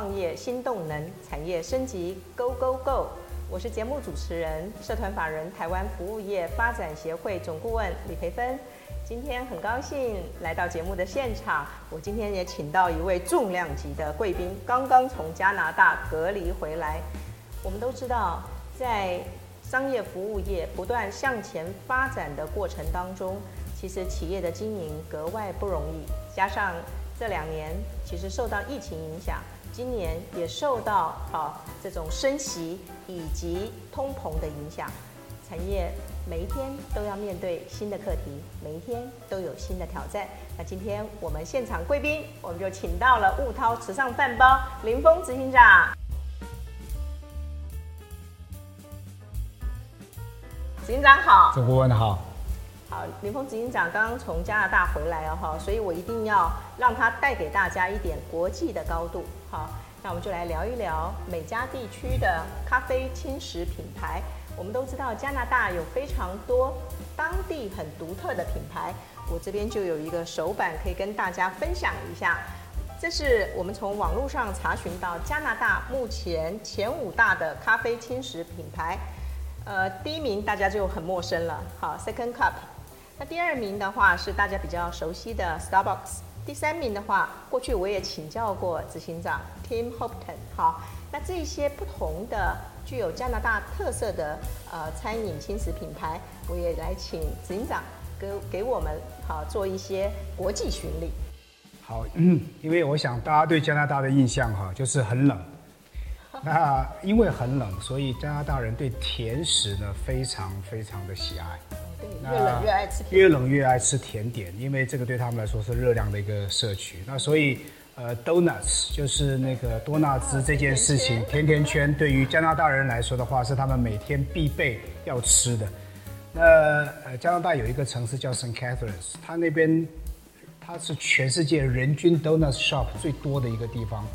創業新動能，產業升級，Go Go Go！我是節目主持人，社團法人台灣服務業發展協會總顧問李培芬。今天很高興來到節目的現場。我今天也請到一位重量級的貴賓，剛剛從加拿大隔離回來。我們都知道，在商業服務業不斷向前發展的過程當中，其實企業的經營格外不容易。加上這兩年，其實受到疫情影響。今年也受到啊、哦、這種升息以及通膨的影響，產業每一天都要面對新的課題，每一天都有新的挑戰。那今天我們現場貴賓，我們就請到了悟饕池上飯包林峰執行長。執行長好，鄭顧問好。好，林峰執行長剛剛從加拿大回來哦，所以我一定要讓他帶給大家一點國際的高度。好，那我們就來聊一聊美加地區的咖啡輕食品牌。我們都知道加拿大有非常多當地很獨特的品牌，我這邊就有一個手板可以跟大家分享一下。這是我們從網絡上查詢到加拿大目前前五大的咖啡輕食品牌。呃，第一名大家就很陌生了，好，Second Cup。那第二名的話是大家比較熟悉的 Starbucks。第三名的話，過去我也請教過執行長 Tim Hortons，好，那這些不同的具有加拿大特色的呃餐飲輕食品牌，我也來請執行長給給我們好、啊、做一些國際巡禮。好，嗯，因為我想大家對加拿大的印象哈、啊，就是很冷，那因為很冷，所以加拿大人對甜食呢非常非常的喜愛。越冷越愛吃甜，越冷越愛吃甜點，越越甜點，因為這個對他們來說是熱量的一個攝取。那所以，呃，donuts 就是那個多納茲這件事情，嗯、甜，甜，甜甜圈對於加拿大人來說的話，是他們每天必備要吃的。那呃，加拿大有一個城市叫 Saint Catharines，它那邊它是全世界人均 donuts shop 最多的一個地方。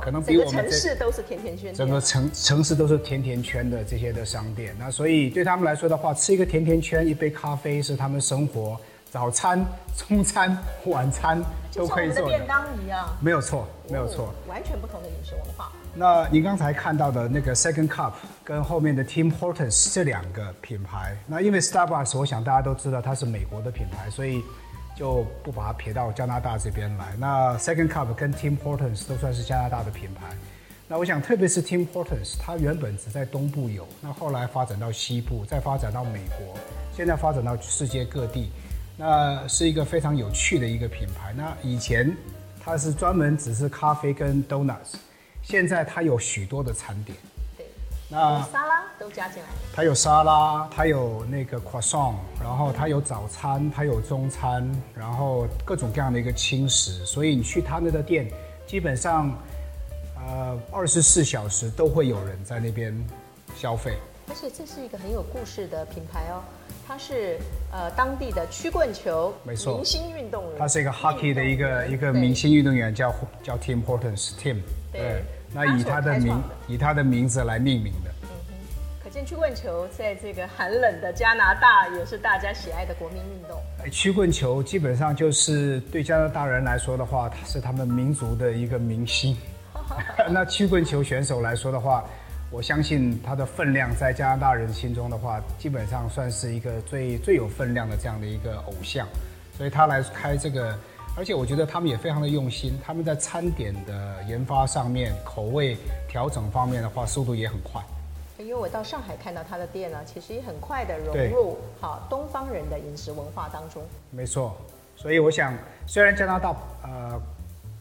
可能比我們整個城市都是甜甜圈，整個城城市都是甜甜圈的這些的商店。那所以對他們來說的話，吃一個甜甜圈，一杯咖啡是他們生活早餐、中餐、晚餐都可以做的，就像我們的便當一樣。沒有錯，沒有錯。哦，完全不同的飲食文化。那您剛才看到的那個 Second Cup，跟後面的 Tim Hortons 這兩個品牌，那因為 Starbucks 我想大家都知道它是美國的品牌，所以。就不把它撇到加拿大這邊來。那 Second Cup 跟 Tim Hortons 都算是加拿大的品牌。那我想，特別是 Tim Hortons，它原本只在東部有，那後來發展到西部，再發展到美國，現在發展到世界各地，那是一個非常有趣的一個品牌。那以前它是專門只是咖啡跟 Donuts，現在它有許多的餐點。對，那都加進來。它有沙拉，它有那個 croissant，然後它有早餐，它、嗯、有中餐，然後各種各樣的一個輕食。所以你去他那個店，基本上，呃，二十四小時都會有人在那邊消費。而且這是一個很有故事的品牌哦，它是呃當地的曲棍球，沒錯，明星運動員，他是一個 hockey 的一個一個明星運動員，對叫叫 Tim Hortons Tim，對,對、嗯，那以他的名以他的名字來命名的。曲棍球在這個寒冷的加拿大也是大家喜愛的國民運動。哎，曲棍球基本上就是對加拿大人來說的話，他是他們民族的一個明星。 那曲棍球選手來說的話，我相信他的分量在加拿大人心中的話，基本上算是一個最最有分量的這樣的一個偶像。所以他來開這個，而且我覺得他們也非常的用心，他們在餐點的研發上面、口味調整方面的話，速度也很快。因為我到上海看到他的店呢、啊，其實也很快的融入好對、啊、東方人的飲食文化當中。沒錯，所以我想，雖然加拿大呃、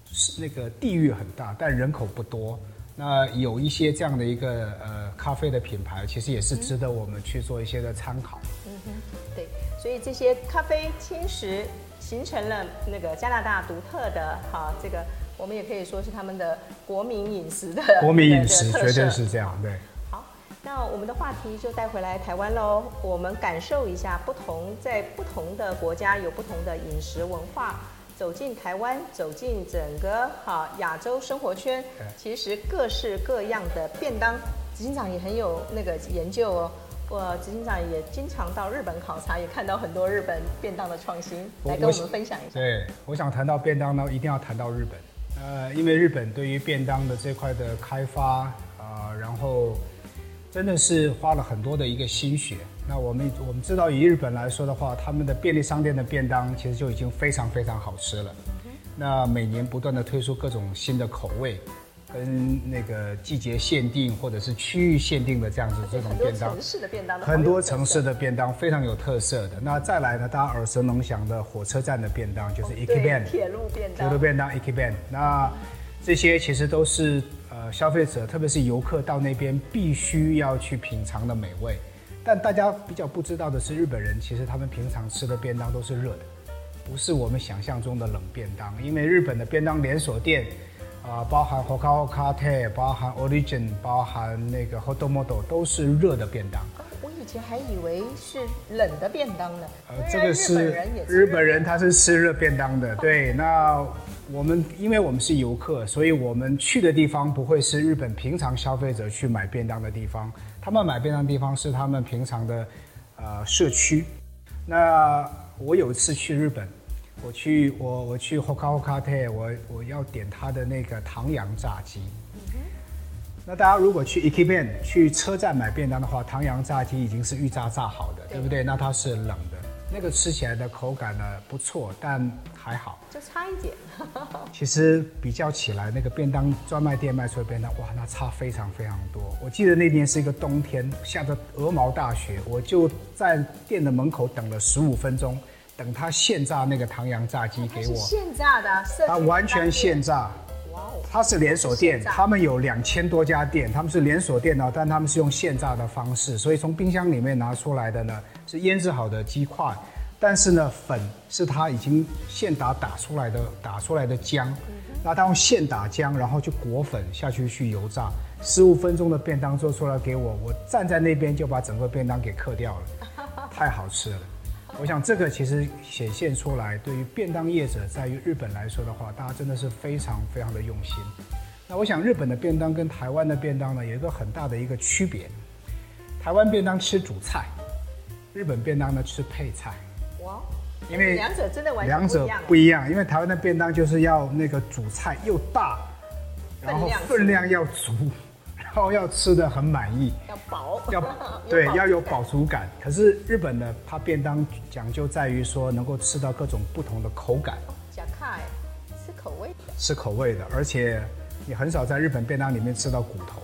就是、那個地域很大，但人口不多，那有一些這樣的一個呃咖啡的品牌，其實也是值得我們去做一些的參考。嗯，嗯哼，對，所以這些咖啡輕食形成了那個加拿大獨特的哈、啊、這個，我們也可以說是他們的國民飲食的國民飲食對，絕對是這樣，對。那我們的話題就帶回來台灣嘍。我們感受一下不同，在不同的國家有不同的飲食文化。走進台灣，走進整個哈、啊、亞洲生活圈，其實各式各樣的便當，執行長也很有那個研究哦。我、呃、執行長也經常到日本考察，也看到很多日本便當的創新，來跟我們分享一下。對，我想談到便當呢，一定要談到日本。呃，因為日本對於便當的這塊的開發啊、呃，然後。真的是花了很多的一個心血。那我們我們知道，以日本來說的話，他們的便利商店的便當其實就已經非常非常好吃了。嗯、哼那每年不斷的推出各種新的口味，跟那個季節限定或者是區域限定的這樣子且這種便當，很多城市的便當，很多城市的便當非常有特色的。那再來呢，大家耳熟能詳的火車站的便當就是 Ekiben、哦、鐵路便當，鐵路便當 Ekiben。Ven，那這些其實都是。呃，消費者特別是遊客到那邊必須要去品嘗的美味，但大家比較不知道的是，日本人其實他們平常吃的便當都是熱的，不是我們想象中的冷便當。因為日本的便當連鎖店，啊、呃，包含 Hokka Hokka Tei 包含 Origin，包含那個 Hotto Motto，都是熱的便當，啊。我以前還以為是冷的便當呢。呃，這個是，日本，是日本人，日本人他是吃熱便當的。啊、對，那。我們因為我們是遊客，所以我們去的地方不會是日本平常消費者去買便當的地方。他們買便當的地方是他們平常的，呃，社區。那我有一次去日本，我去我我去ホカホカ亭，我我要點他的那個唐揚炸雞。嗯、哼那大家如果去 ekiben 去車站買便當的話，唐揚炸雞已經是預炸炸好的，對，對不對？那它是冷的。那個吃起來的口感呢不錯，但還好，就差一點。 其實比較起來，那個便當專賣店賣出的便當，哇，那差非常非常多。我記得那年是一個冬天，下著鵝毛大雪，我就在店的門口等了十五分鐘，等他現炸那個唐揚炸雞給我。哦，是現炸的，的他完全現炸。它是連鎖店，他炸們有兩千多家店，他們是連鎖店哦，但他們是用現炸的方式，所以從冰箱裡面拿出來的呢是醃製好的雞塊，但是呢粉是它已經現打打出來的打出來的漿，嗯、哼那他用現打漿，然後就裹粉下去去油炸，十五分鐘的便當做出來給我，我站在那邊就把整個便當給嗑掉了，太好吃了。 我想這個其實顯現出來，對於便當業者，在於日本來說的話，大家真的是非常非常的用心。那我想，日本的便當跟台灣的便當呢，有一個很大的一個區別。台灣便當吃主菜，日本便當呢吃配菜。哇，因為兩者真的完全不一樣。因為台灣的便當就是要那個主菜又大，然後分量要足。後要吃得很滿意，要飽薄，要對， 有要有飽足感。可是日本的它便當講究在於說能夠吃到各種不同的口感。開、哦，吃口味的。吃口味的，而且你很少在日本便當裡面吃到骨頭。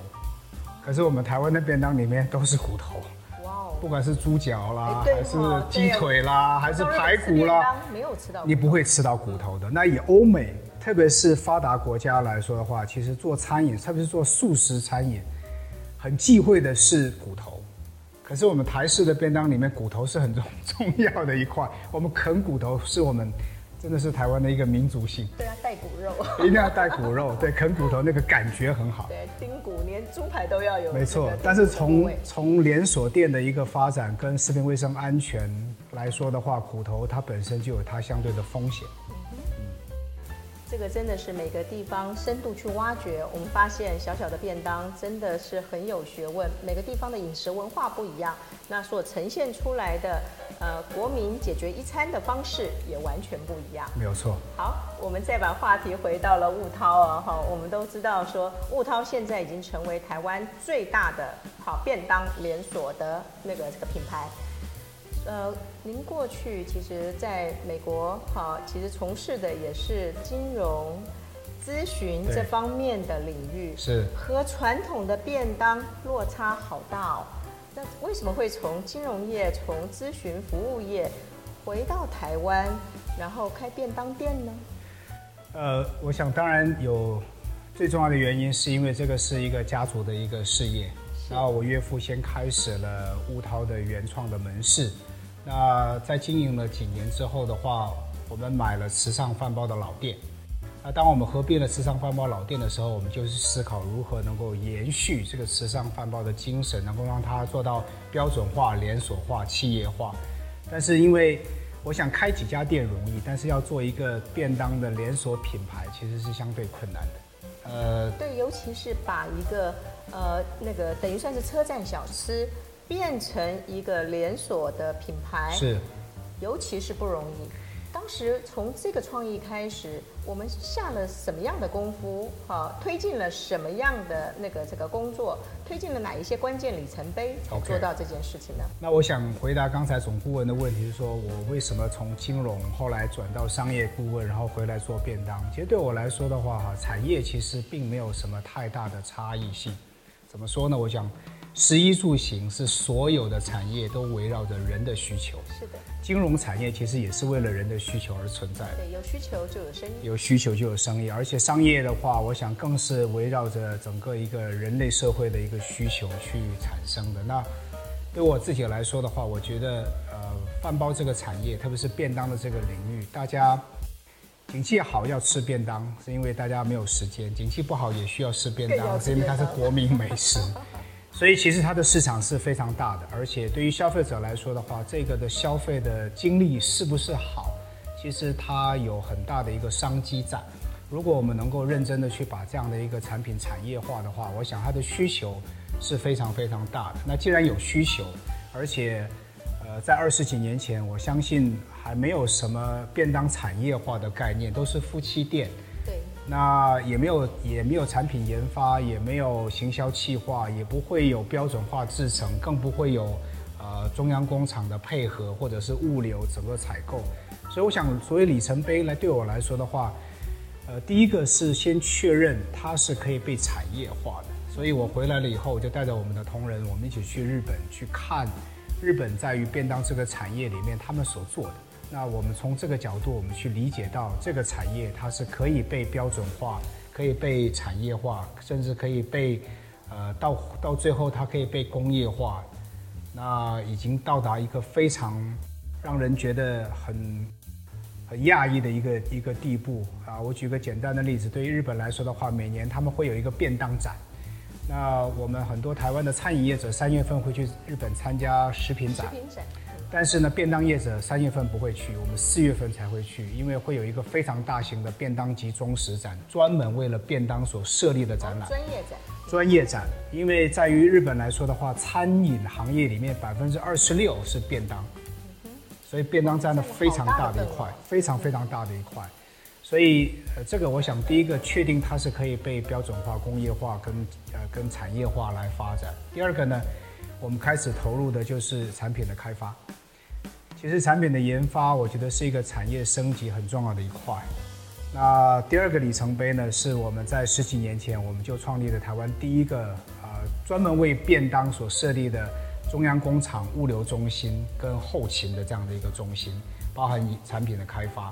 嗯、可是我們台灣的便當裡面都是骨頭。哇哦！不管是豬腳啦，啊、還是雞腿啦，啊、還是排骨啦，骨你不會吃到骨頭的。嗯、那以歐美。特別是發達國家來說的話，其實做餐飲，特別是做素食餐飲，很忌諱的是骨頭。可是我們台式的便當裡面，骨頭是很重重要的一塊。我們啃骨頭是我們真的是台灣的一個民族性。對啊，帶骨肉，一定要帶骨肉。 對，啃骨頭那個感覺很好。對，丁骨連豬排都要有。沒錯，但是從從連鎖店的一個發展跟食品衛生安全來說的話，骨頭它本身就有它相對的風險。這個真的是每個地方深度去挖掘，我們發現小小的便當真的是很有學問。每個地方的飲食文化不一樣，那所呈現出來的，呃，國民解決一餐的方式也完全不一樣。沒有錯。好，我們再把話題回到了悟饕啊，哈，我們都知道說悟饕現在已經成為台灣最大的好便當連鎖的那個這個品牌。呃，您過去其實在美國，哈、啊，其實從事的也是金融諮詢這方面的領域，是和傳統的便當落差好大哦。那為什麼會從金融業、從諮詢服務業回到台灣，然後開便當店呢？呃，我想當然有最重要的原因，是因為這個是一個家族的一個事業。是然後我岳父先開始了悟饕的原創的門市。那在經營了幾年之後的話，我們買了池上飯包的老店。那當我們合併了池上飯包老店的時候，我們就是思考如何能夠延續這個池上飯包的精神，能夠讓它做到標準化、連鎖化、企業化。但是因為我想開幾家店容易，但是要做一個便當的連鎖品牌其實是相對困難的。呃，對，尤其是把一個呃那個等於算是車站小吃，變成一個連鎖的品牌是，尤其是不容易。當時從這個創意開始，我們下了什麼樣的功夫？好、啊，推進了什麼樣的那個這個工作？推進了哪一些關鍵里程碑才做到這件事情呢？Okay. 那我想回答剛才總顧問的問題是說：說我為什麼從金融後來轉到商業顧問，然後回來做便當？其實對我來說的話，哈、啊，產業其實並沒有什麼太大的差異性。怎麼說呢？我想……食衣住行，是所有的產業都圍繞着人的需求。是的，金融產業其實也是為了人的需求而存在的。對，有需求就有生意。有需求就有生意，而且商業的話，我想更是圍繞着整個一個人類社會的一個需求去產生的。那對我自己來說的話，我覺得呃，飯包這個產業，特別是便當的這個領域，大家，景氣好要吃便當，是因為大家沒有時間；景氣不好也需要吃便當，是因為它是國民美食。所以其實它的市場是非常大的，而且對於消費者來說的話，這個的消費的經歷，是不是好，其實它有很大的一個商機在。如果我們能夠認真的去把這樣的一個產品產業化的話，我想它的需求是非常非常大的。那既然有需求，而且，呃，在二十幾年前，我相信還沒有什麼便當產業化的概念，都是夫妻店。那也沒有也沒有產品研發，也沒有行銷企劃，也不會有標準化製程，更不會有，呃，中央工廠的配合或者是物流整個採購。所以我想，所謂里程碑來對我來說的話，呃，第一個是先確認它是可以被產業化的。所以我回來了以後，我就帶着我們的同仁，我們一起去日本去看日本在於便當這個產業裡面他們所做的。那我們從這個角度，我們去理解到這個產業，它是可以被標準化，可以被產業化，甚至可以被，呃，到到最後，它可以被工業化。那已經到達一個非常讓人覺得很很訝異的一個一個地步啊！我舉個簡單的例子，對於日本來說的話，每年他們會有一個便當展。那我們很多台灣的餐飲業者，三月份會去日本參加食品展。但是呢，便當業者三月份不會去，我們四月份才會去，因為會有一個非常大型的便當及中食展，專門為了便當所設立的展覽。專業展。專業展，因為在於日本來說的話，餐飲行業裡面百分之二十六是便當，所以便當占了非常大的一塊，非常非常大的一塊。所以，呃，這個我想，第一個確定它是可以被標準化、工業化跟呃跟產業化來發展。第二個呢，我們開始投入的就是產品的開發。其實產品的研發，我覺得是一個產業升級很重要的一塊。那第二個里程碑呢，是我們在十幾年前我們就創立了台灣第一個呃專門為便當所設立的中央工廠物流中心跟後勤的這樣的一個中心，包含產品的開發。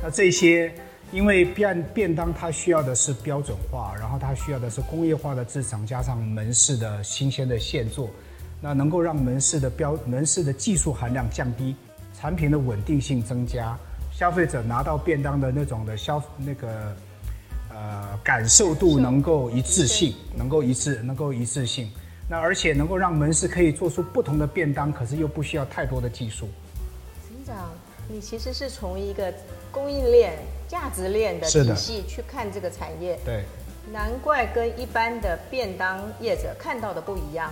那這些，因為便便當它需要的是標準化，然後它需要的是工業化的製程，加上門市的新鮮的現做。那能夠讓門市的標門市的技術含量降低，產品的穩定性增加，消費者拿到便當的那種的消那個呃感受度能夠一致性，能夠一致，能夠一致性。那而且能夠讓門市可以做出不同的便當，可是又不需要太多的技術。執行長，你其實是從一個供應鏈價值鏈的體系去看這個產業，對，難怪跟一般的便當業者看到的不一樣。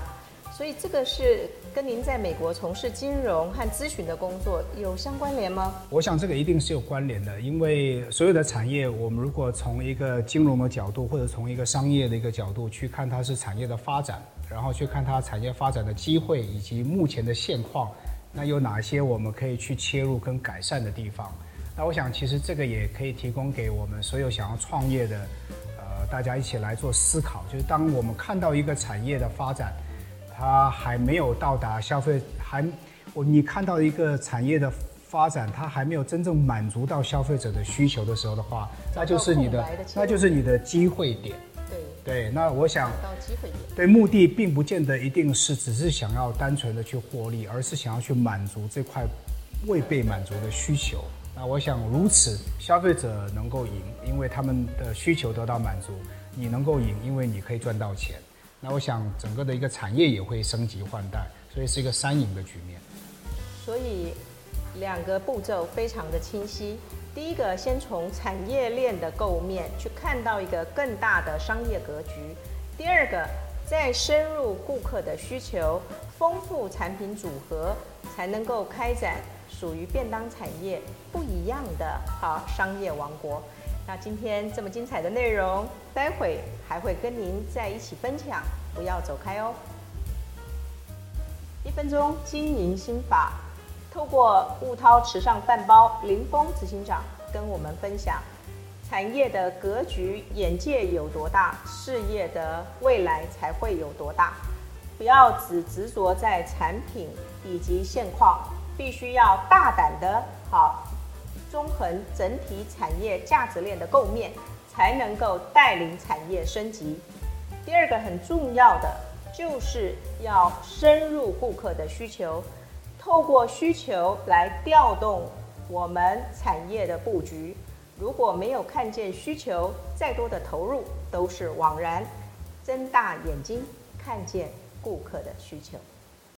所以這個是跟您在美國從事金融和諮詢的工作有相關聯嗎？我想這個一定是有關聯的，因為所有的產業，我們如果從一個金融的角度，或者從一個商業的一個角度去看，它是產業的發展，然後去看它產業發展的機會以及目前的現況，那有哪些我們可以去切入跟改善的地方？那我想，其實這個也可以提供給我們所有想要創業的，呃，大家一起來做思考，就是當我們看到一個產業的發展。它還沒有到達消費，還我你看到一個產業的發展，它還沒有真正滿足到消費者的需求的時候的話，那就是你的，那就是你的機會點。對對，那我想到機會點。對，目的並不見得一定是只是想要單純的去獲利，而是想要去滿足這塊未被滿足的需求。那我想如此，消費者能夠贏，因為他們的需求得到滿足；你能夠贏，因為你可以賺到錢。那我想，整個的一個產業也會升級換代，所以是一個三贏的局面。所以，兩個步驟非常的清晰。第一個，先從產業鏈的構面去看到一個更大的商業格局；第二個，再深入顧客的需求，豐富產品組合，才能夠開展屬於便當產業不一樣的好商業王國。那今天這麼精彩的內容，待會還會跟您在一起分享，不要走開哦。一分鐘經營心法，透過悟饕池上飯包，林峰執行長跟我們分享，產業的格局眼界有多大，事業的未來才會有多大。不要只執着在產品以及現況，必須要大膽的，好。綜合整體產業價值鏈的構面，才能夠帶領產業升級。第二個很重要的，就是要深入顧客的需求，透過需求來調動我們產業的佈局。如果沒有看見需求，再多的投入都是枉然。睜大眼睛，看見顧客的需求。